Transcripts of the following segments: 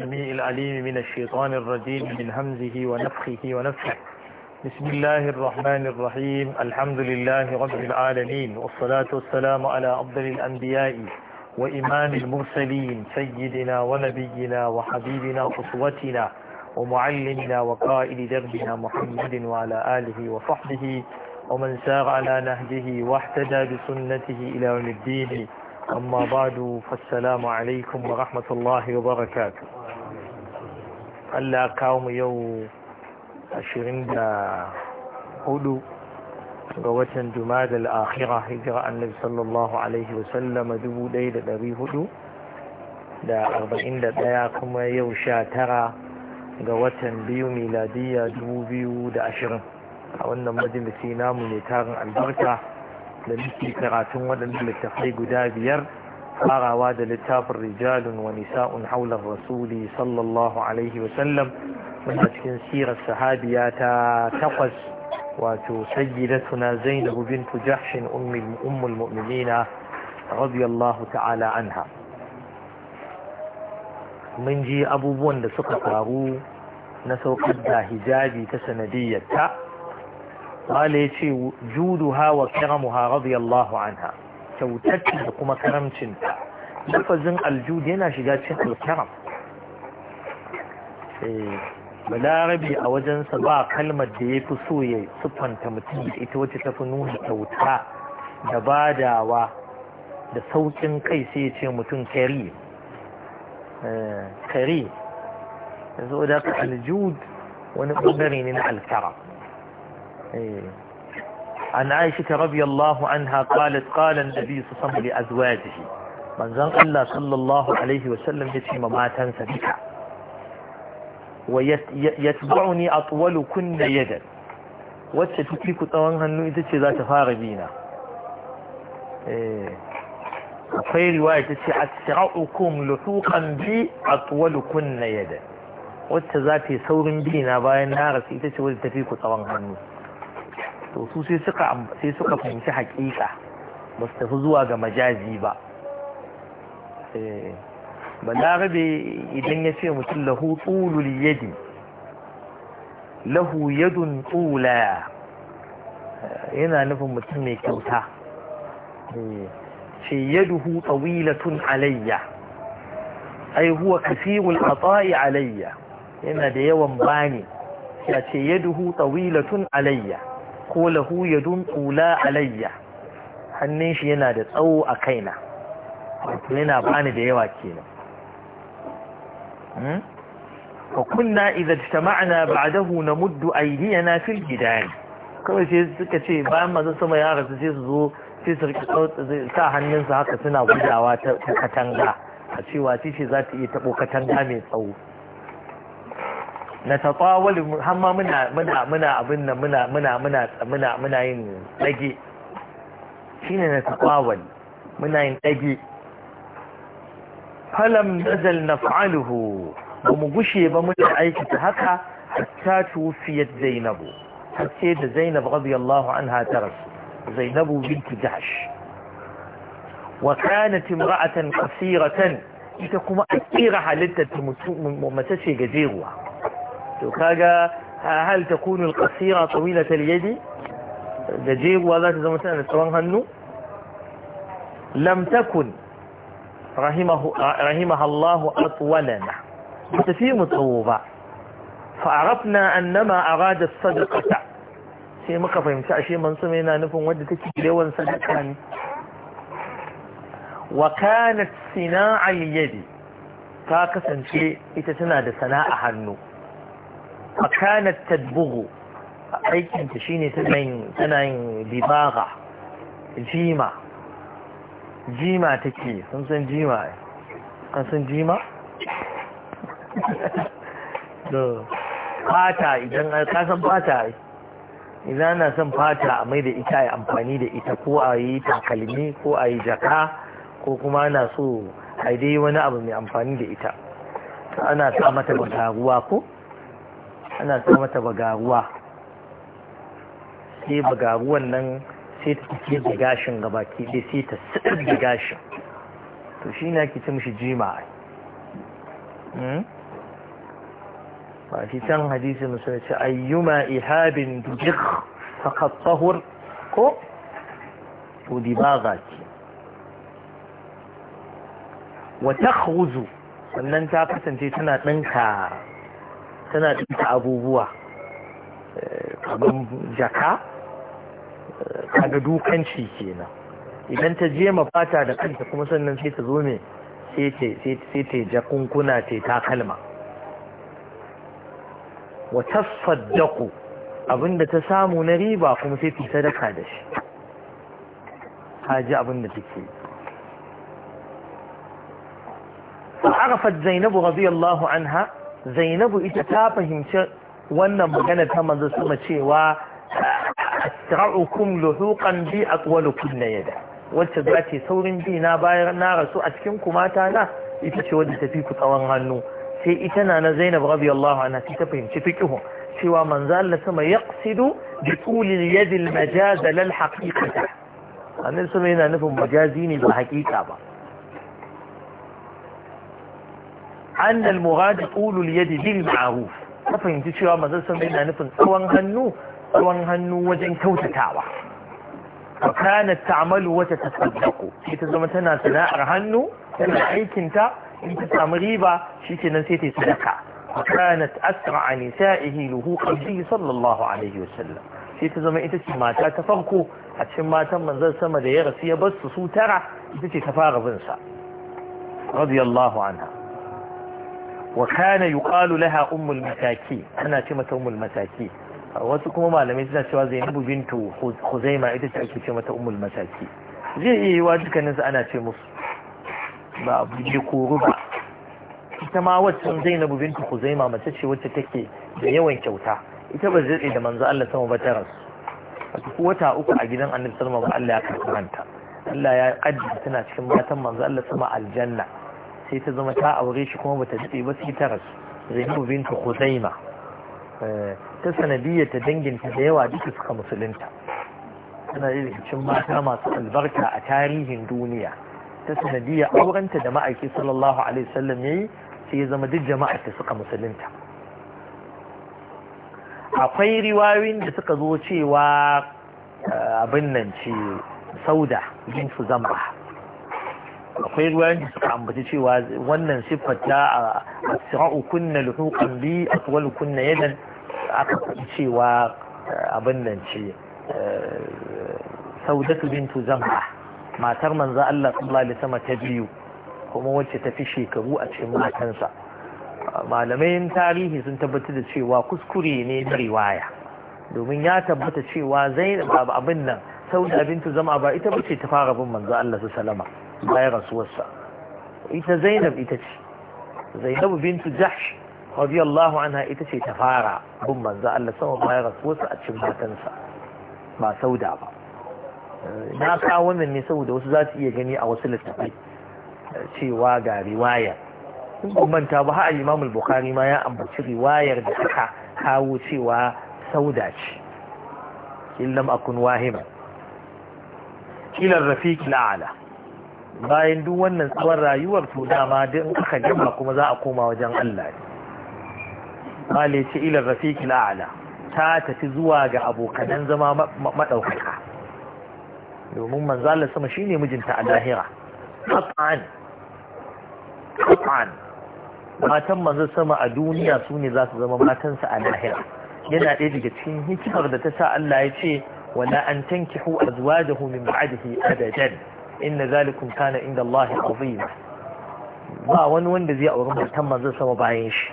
السميع العليم من الشيطان الرجيم من همزه ونفخه ونفخه بسم الله الرحمن الرحيم الحمد لله رب العالمين والصلاة والسلام على أفضل الأنبياء وإمام المرسلين سيدنا ونبينا وحبيبنا وأسوتنا ومعلمنا وقائد دربنا محمد وعلى آله وصحبه ومن سار على نهجه واحتدى بسنته إلى يوم الدين أما بعد فالسلام عليكم ورحمة الله وبركاته ألا كاوم يو أشرين دا هدو قوة جماد الآخرة هجرة النبي صلى الله عليه وسلم دبو ليلة أبي هدو دا أربعين دا دياكم يو شاترا قوة بيو ميلادية دبو بيو دا أشرين أولنا مجلسي نامو نتاغن البركة da muke karatun waɗanda littafai guda biyar farawa da littafin rijalun wa nisa'un haular rasuli sallallahu alaihi wasallam wanda cikin sirar sahabiya ta takwas wato suna zainabu bintu jahshin ummul mu'minina radiyallahu ta'ala anha mun ji abubuwan da suka faru na saukar da hijabi ta sanadiyyar ta wale ya ce judu hawa kiramu ha radiyallahu anha kyautacci da kuma karamcinta lafazin aljud yana shiga cin alkiram eh, balarabi a wajensa ba kalmar da ya fi so ya siffanta mutum da ita wacce ta fi nuna kyauta da badawa da sauƙin kai sai ya ce mutum kari eh, kari yanzu da aljud wani ɓangare ne na alkiram عن عائشة رضي الله عنها قالت قال النبي صلى الله عليه وسلم لأزواجه من زن الله صلى الله عليه وسلم يتم ما تنسى بك ويتبعني أطول كن يدا وتتكيك طوانها أنه إذا ذات فاربينا akwai riwaya ta ce asra'ukum luhuqan bi atwalukunna yada wacce za ta yi saurin bi na bayan na rasu ita ce wadda tafi ku tsawon hannu to su sai suka fahimci haƙiƙa ba su tafi zuwa ga majazi ba eh, balarabe idan ya ce mutum lahu tsulul yadi lahu yadun tsula eh, yana nufin mutum mai kyauta eh, ce yaduhu tsawilatun alayya ai huwa kasirul atsa'i alayya yana da yawan bani ya ce yaduhu tsawilatun alayya ko lahu tsula tula alayya hannun shi yana da tsawo a kaina yana bani da yawa kenan wa hmm? kunna idza a ba'dahu namuddu aydiyana fil jidari kawai sai suka ce bayan maza sama ya rasu sai su zo sai su rike sa su haka suna gudawa ta katanga a cewa ce za ta iya tabo katanga mai tsawo نتطاول هما منا منا منا منا منا منا منا منا منا ين لجي شين نتطاول منا ين لجي فلم نزل نفعله ومقشي بمنا أيك هكا حتى توفيت زينب حتى زينب رضي الله عنها ترس زينب بنت جحش وكانت امرأة قصيرة ita kuma a tsira halittar mace ce gajeruwa تخاجة هل تكون القصيرة طويلة اليد تجيب وذات زمسان الترانها النو لم تكن رحمه, رحمه الله أطولنا في مطوبة فعرفنا أنما أراد الصدقة شيء مقفة يمسع شيء منصمينا نفهم ودي تكيلي وانصدقاني وكانت صناعة اليد فاكسا شيء يتسنى دي صناع حنو fakanat tadbughu aikinta shine tana yin tana yin dibaga jima jima take sun san jima kan san jima da fata idan ka san fata idan ana son fata a mai da ita ya amfani da ita ko a yi takalmi ko a yi jaka ko kuma ana so a dai wani abu mai amfani da ita ana sa mata ruwa ko ana sa mata bagaruwa sai bagaruwan nan sai ta fice da gashin gabaki dai sai ta sadar da gashin to shi ne ake ce mishi jima'a hmm? ba shi can hadisi ne ce ayyuma ihabin dujik fakat tsahur ko to za ki wata huzu sannan ta kasance tana ɗinka tana ɗinka abubuwa kamar jaka kaga dukanci kenan idan ta je mafata da kanta kuma sannan sai ta zo ne sai ta jakunkuna ta takalma wa tasaddaku abinda ta samu na riba kuma sai ta sadaka da shi haji abinda take yi عرفت Zainabu رضي الله zainabu ita ta fahimci wannan magana ta manzo sama cewa astra'ukum luhuqan bi aqwalukum na yada wacce za ce saurin bi na bayan na rasu a cikin kumata na ita ce wadda tafi ku tsawon hannu sai ita na na Zainab radiyallahu anha sai ta fahimci fiqhu cewa manzo Allah sama yaqsidu bi tuli yadi al majaz la haqiqa annabi sama yana nufin majazi ne ba haqiqa ba أن المغادر طول اليد بالمعروف ta fahimci cewa mazan sun yana nufin tsawon hannu tsawon hannu wajen kyautatawa a kana ta'amalu wata ta tsaddako sai ta zama tana sana'ar hannu tana aikinta in ta samu riba shi ke nan sai ta yi sadaka a kana ta'asra a nisa'ihi luhu ƙarfi sallallahu alaihi wasallam sai ta zama ita ce mata ta farko a cikin matan manzan sama da ya rasu ya bar su su tara ita ce ta fara bin sa radiyallahu anha wa kana yuqalu laha ummul mataki ana ce mata ummul mataki wasu kuma malamai suna cewa Zainabu bintu Khuzaima ita ce ake ce mata ummul mataki zai iya yi wa su ana ce musu ba abu ne koru ba ita ma wacce Zainabu bintu Khuzaima mace ce wacce take da yawan kyauta ita ba zai da manzo Allah sama ba ta rasu wata wata uku a gidan Annabi sallallahu alaihi wasallam Allah ya karɓanta Allah ya kaddara tana cikin matan manzo Allah sama aljanna sai ta zama ta aure shi kuma bata daɗe ba sai ta rasu zainabu bintu khuzaima eh, ta sanadiyar ta danginta da yawa duka suka musulunta tana da cikin mata masu albarka a tarihin duniya ta sanadiyar aurenta da ma'aiki sallallahu alaihi wasallam yayi sai ya zama duk jama'a ta suka musulunta akwai riwayoyin da suka zo cewa eh, abin nan ce sauda bintu zamba akwai ruwayoyin da suka ambaci cewa wannan siffar ta a sira'u kunna luhuqan bi aswalu kunna yadan aka faɗi cewa eh, abin nan ce eh, saudatu bintu zam'a matar manzo Allah sallallahu alaihi wasallam ta biyu kuma wacce ta fi shekaru a cikin matansa malamai tarihi sun tabbatar da cewa kuskure ne na riwaya domin ya tabbata cewa zainab abin nan sauda bintu zama ba ita bace ta fara bin manzo Allah sallallahu alaihi wasallam bayan rasuwarsa ita zainab ita ce zainab bintu jahsh radiyallahu anha ita ce ta fara bin manzo Allah sama bayan rasuwarsa a cikin matansa ba sauda ba na kawo wannan ne saboda wasu za su iya gani a wasu littattafai cewa ga riwaya in ban manta ba har Imam Bukhari ma ya ambaci riwayar da aka kawo cewa sauda ce in lam akun wahima ila rafiq al-a'la bayan duk wannan tsawon rayuwar to dama in aka gama kuma za a koma wajen Allah ne ce ilar rafiqil a'la ta tafi zuwa ga abokan zama madaukaka domin manzo Allah sama shine mijinta a lahira qat'an qat'an matan manzo sama a duniya su ne za su zama matansa a lahira yana ɗaya daga cikin hikimar da ta sa Allah ya ce wala an tankihu azwajahu min ba'dihi adadan inna zalikum kana inda Allah azima ba wani wanda zai auri matan manzon sama bayan shi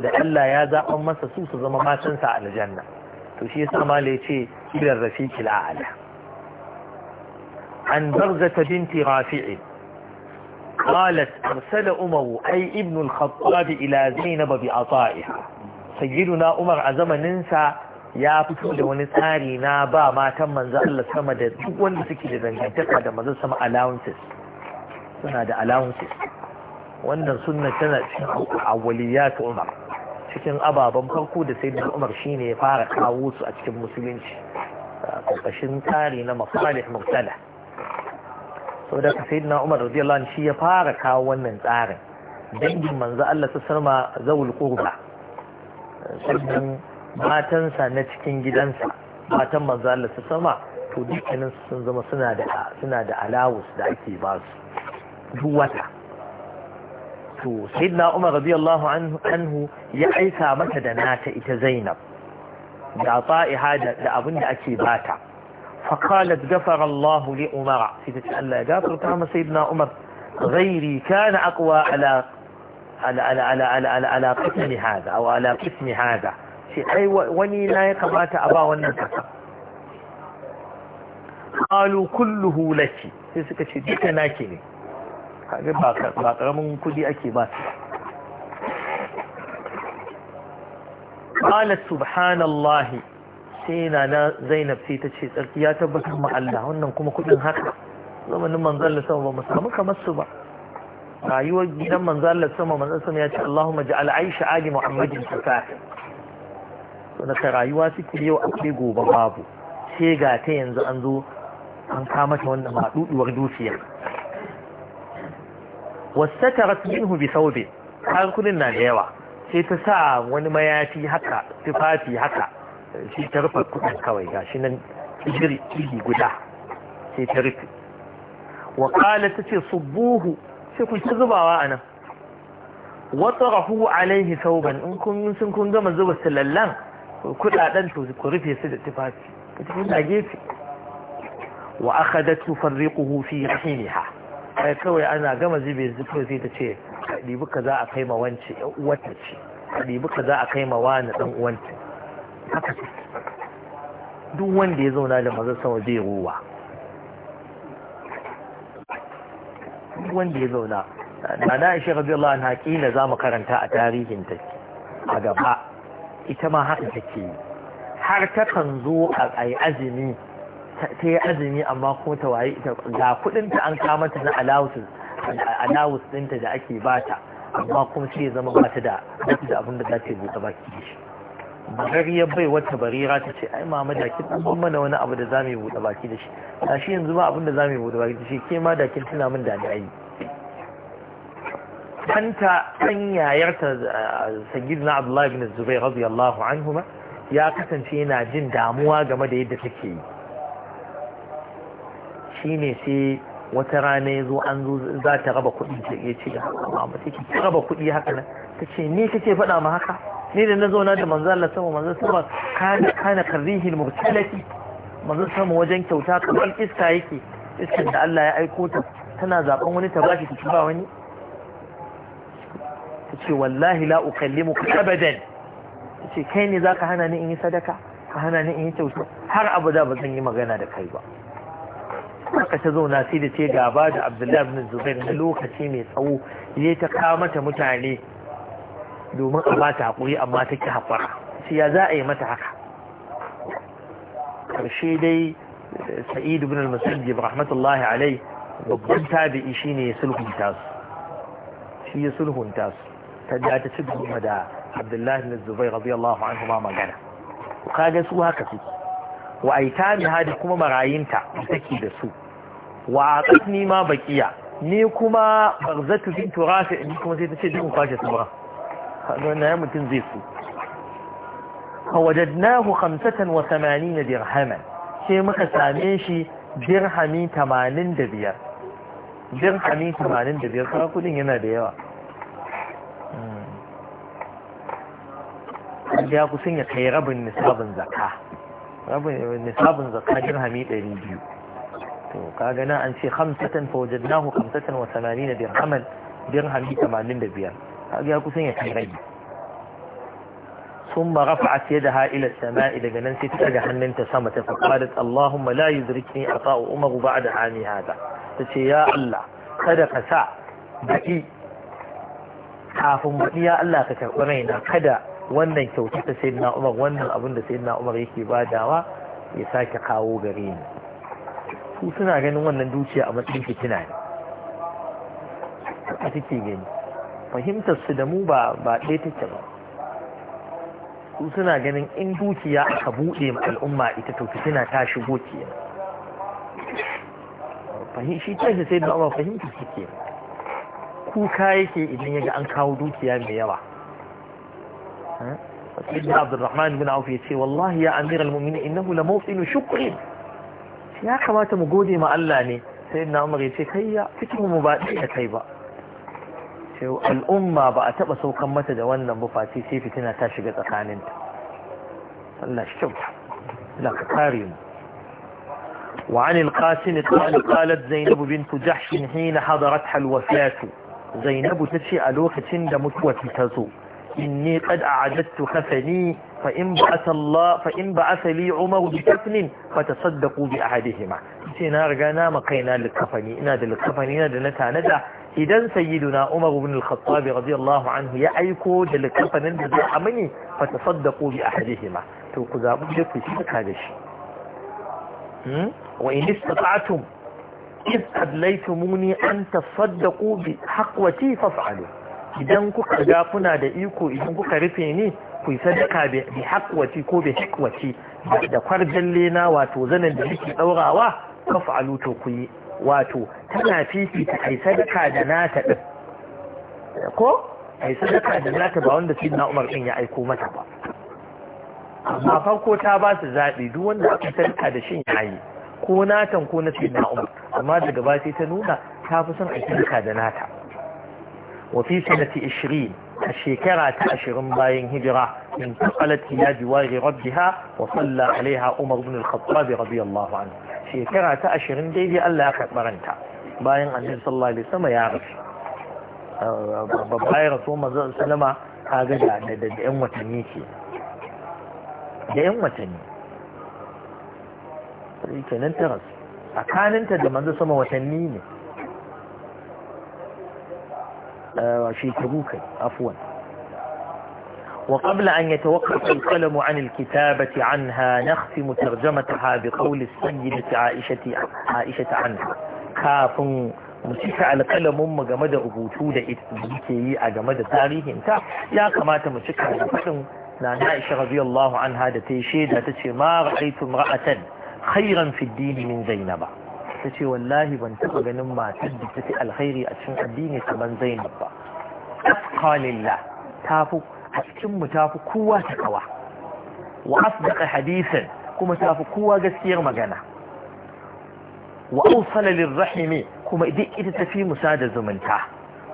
da Allah ya zaɓa masa su su zama matansa a aljanna to shi yasa mala yace idan rafiqil a'la an barzata binti rafi'i قالت أرسل أمر أي ابن الخطاب إلى زينب بعطائها سيدنا أمر عزم ننسى ya fito da wani tsari na ba matan manzo Allah sama da duk wanda suke da dangantaka da manzo sama allowances suna da allowances wannan sunna tana cikin awwaliyat Umar cikin ababen farko da sayyidina Umar shine ya fara kawo su a cikin musulunci kokashin tsari na masalih mubtala sau da sayyidina Umar radiyallahu anhu shi ya fara kawo wannan tsarin dangin manzo Allah sallallahu alaihi wasallam zawul qurba sannan matansa na cikin gidansa matan manzo Allah su sama to dukkanin sun zama suna da suna da alawus da ake ba su duk wata to sayyidina Umar radiyallahu anhu anhu ya aika mata da nata ita Zainab da fa'iha da abin da ake bata فقالت غفر الله لأمر سيدة الله غفر تعمى سيدنا عمر غيري كان أقوى على على على على على على, على قسم هذا أو على قسم هذا ce ai wani na ya kamata a ba wannan kasa qalu kulluhu laki sai suka ce duka naki ne kaga ba karamin kudi ake ba su qalat subhanallah sai na Zainab sai ta ce tsarkiya tabbatar ma Allah wannan kuma kudin haka zamanin manzon Allah ba mu samu kamar su ba rayuwar gidan manzon Allah sama manzon sama ya ce Allahumma ja'al Aisha ali Muhammadin tafahi to rayuwa suke yau akwai gobe babu sai ga ta yanzu an zo an kama ta wannan maɗuɗuwar dukiya wasu ta rasu yin hubi saube na da yawa sai ta sa wani mayafi haka tufafi haka shi ta rufe kudin kawai ga shi nan igiri guda sai ta rufe wa ta ce subuhu sai ku ta zubawa a nan wata rahu alaihi sauban in kun sun kun gama zuba silallan kudaden to ku rufe su da tufafi cikin tafi da gefe wa akhadat tufarriquhu fi rahimha kai kawai ana gama zube zuwa sai ta ce dibi kaza a kai ma wance wata ce dibi kaza a kai ma wani dan uwanta haka ce. duk wanda ya zauna da maza sama zai ruwa duk wanda ya zauna na na shi rabiyallahu anha kila zamu karanta a tarihin ta a gaba ita ma haka take yi har takan zo a azumi ta yi azumi amma kuma ta waye ita ga ta an kama ta na alawus ɗinta da ake bata amma kuma sai zama bata da da abin da za ta yi buɗe baki da shi ya bai wata barira ta ce ai mama da kin an mana wani abu da za mu buɗe baki da shi ga shi yanzu ba abin da za mu buɗe baki da shi ke ma da kin tuna min da ni ayi ɗanta ɗan yayarta sayyidina abdullahi bin zubair radiyallahu anhuma ya kasance yana jin damuwa game da yadda take yi shine sai wata rana yazo an zo za ta raba kuɗi ta iya ce amma take ta raba kuɗi haka nan ta ce ni kake faɗa ma haka ni da na zauna da manzo Allah sama manzo sama kana kana karrihil mursalati manzo sama wajen kyauta kamar iska yake iskar da Allah ya aiko ta tana zaben wani ta bashi ta ba wani ce wallahi la ukallimuka abadan ce kai ne zaka hana ni in yi sadaka ka hana ni in yi kyauta har abada ba zan yi magana da kai ba haka ta zauna sai da ce gaba da abdullahi bin zubair na lokaci mai tsawo ya ta kawo mata mutane domin a ba ta haƙuri amma ta ki haƙura sai ya za a yi mata haka Karshe dai sa'id ibn al-musayyib rahmatullahi alai babban tabi'i shine ya sulhunta su shi ya sulhunta su ta ja ta ci gaba da abdullahi na zubai radiyallahu anhu ma magana kaga su haka suke wa ni hadi kuma marayinta take da su wa aqatni ma bakiya. ni kuma barzatu bintu turafi. ni kuma sai ta ce dukkan kwashe sabra wannan ya mutum zai su fawajadnahu 85 dirhaman sai muka same shi dirhami 85 dirhami 85 kuma kudin yana da yawa kaga ya kusan ya kai rabin nisabin zakka rabin nisabin zakka dirhami biyu to kaga na an ce hamsatan fa wajadnahu khamsatan wa 80 dirhaman dirhami 85 kaga ya kusan ya kai rabi ثم رفعت يدها إلى السماء nan جننت تتجه أن أنت سمت فقالت اللهم لا يدركني عطاء أمر بعد عامي هذا تتي يا الله kada ka sa baki kafin baki ya Allah ka raina kada wannan kyauta ta na Umar wannan abin da na Umar yake badawa ya sake kawo gare ni su suna ganin wannan dukiya a matsayin fitina ne a cikin gani fahimtar su da mu ba ba ɗaya take ba su suna ganin in dukiya aka buɗe ma al'umma ita to fitina ta shigo kenan fahimta shi kanshi sai da fahimta suke kuka yake idan yaga an kawo dukiya mai yawa ابن عبد الرحمن بن عوف يتسي والله يا أمير المؤمنين إنه لموطن شكر يا حوات مقودي ما ألاني سيدنا عمر يتسي هيا فتح مبادئة هيبا الأمة بقى تبسو كمة دوانا مفاتي سي فتنا تاشق تقان انت الله شكرا لك كاريون وعن القاسم قال قالت زينب بنت جحش حين حضرتها الوفاة زينب تشي ألوخة دمت وتتزو inni qad a'adtu khafani fa in ba'atha Allah fa in ba'atha li Umar bi kafnin fatasaddaqu bi ahadihima sai na riga na makaina da kafani ina da kafani na idan sayyiduna Umar ibn al-Khattab radiyallahu anhu ya aiko da kafanin da zai amini fatasaddaqu bi ahadihima to ku zabu da ku shirka da shi hmm wa in istata'tum إذ أدليتموني أن تصدقوا بحقوتي فافعلوا idan kuka ga kuna da iko idan kuka rufe ni ku yi sadaka bi hakwati ko bi hakwati da kwarjalle na wato zanen da nake daurawa ka fa'alu to ku yi wato tana fifita ai sadaka da nata din ko ai sadaka da nata ba wanda na Umar din ya aiko mata ba amma farko ta ba su zaɓi duk wanda aka sadaka da shin yayi ko natan ko na na Umar amma daga ba sai ta nuna ta fi son ai sadaka da nata وفي سنة عشرين الشيكرة عشرين باين هجرة انتقلت إلى جوار ربها وصلى عليها عمر بن الخطاب رضي الله عنه شيكرة عشرين دي الله أكبرنتا باين أن صلى الله عليه وسلم يعرف babbai rasu mazu salama a ga da yan watanni ke da yan watanni sai kenan ta rasu a kaninta da manzo sama watanni ne آه، في تبوك عفوا وقبل أن يتوقف القلم عن الكتابة عنها نختم ترجمتها بقول السيدة عائشة عائشة عنها كاف مسيح على قلم أم جمد ابو تولى إتبكي أجمد تاريه انت يا كما تمسك على قلم نانا عائشة رضي الله عنها دا تشيد ما رأيت امرأة خيرا في الدين من زينب ta ce wallahi ban taɓa ganin matar da ta fi alkhairi a cikin addini kamar zainab ba qalillah ta fi a cikin ta fi kowa ta kawa wa asdaqa hadisan kuma ta fi kowa gaskiyar magana wa awsala lirrahimi kuma duk ita ta fi musa da zumunta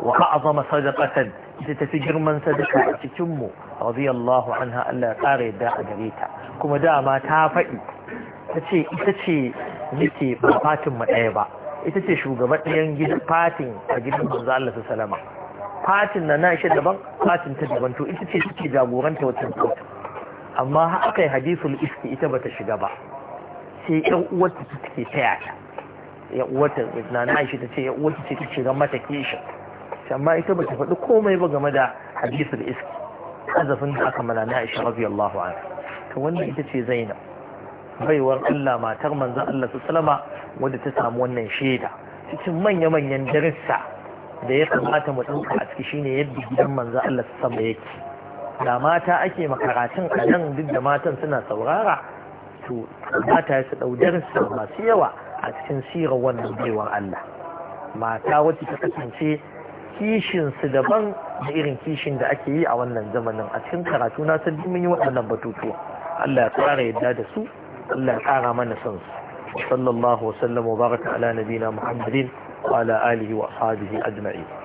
wa a'zama sadaqatan ita ta fi girman sadaka a cikin mu radiyallahu anha Allah ya ƙara yadda a gare ta kuma dama ta faɗi ta ce ita ce yake ba fatin mu ɗaya ba ita ce shugaban ɗayan gidan fatin a gidan manzo Allah su salama fatin na nashi daban fatin ta daban to ita ce take jagoranta wata kota amma akai hadisul iski ita bata shiga ba sai yan uwarta take taya ta ya uwarta na nashi ta ce ya uwarta ce ta shiga mata kishi amma ita bata faɗi komai ba game da hadisul iski azafin da aka mana na Aisha radiyallahu anha to wannan ita ce Zainab baiwar Allah matar manzan Allah su salama wadda ta samu wannan shaida cikin manya-manyan darussa da ya kamata mu ɗauka a ciki shine yadda gidan manzan Allah su sama yake da mata ake makaratun a nan duk da matan suna saurara to mata su ɗau darussa masu yawa a cikin sirar wannan baiwar Allah mata wacce ta kasance kishinsu daban da irin kishin da ake yi a wannan zamanin a cikin karatu na sun mun yi waɗannan batutuwa Allah ya tsara yadda da su الله تعالى من سنس وصلى الله وسلم وبارك على نبينا محمد وعلى آله وأصحابه أجمعين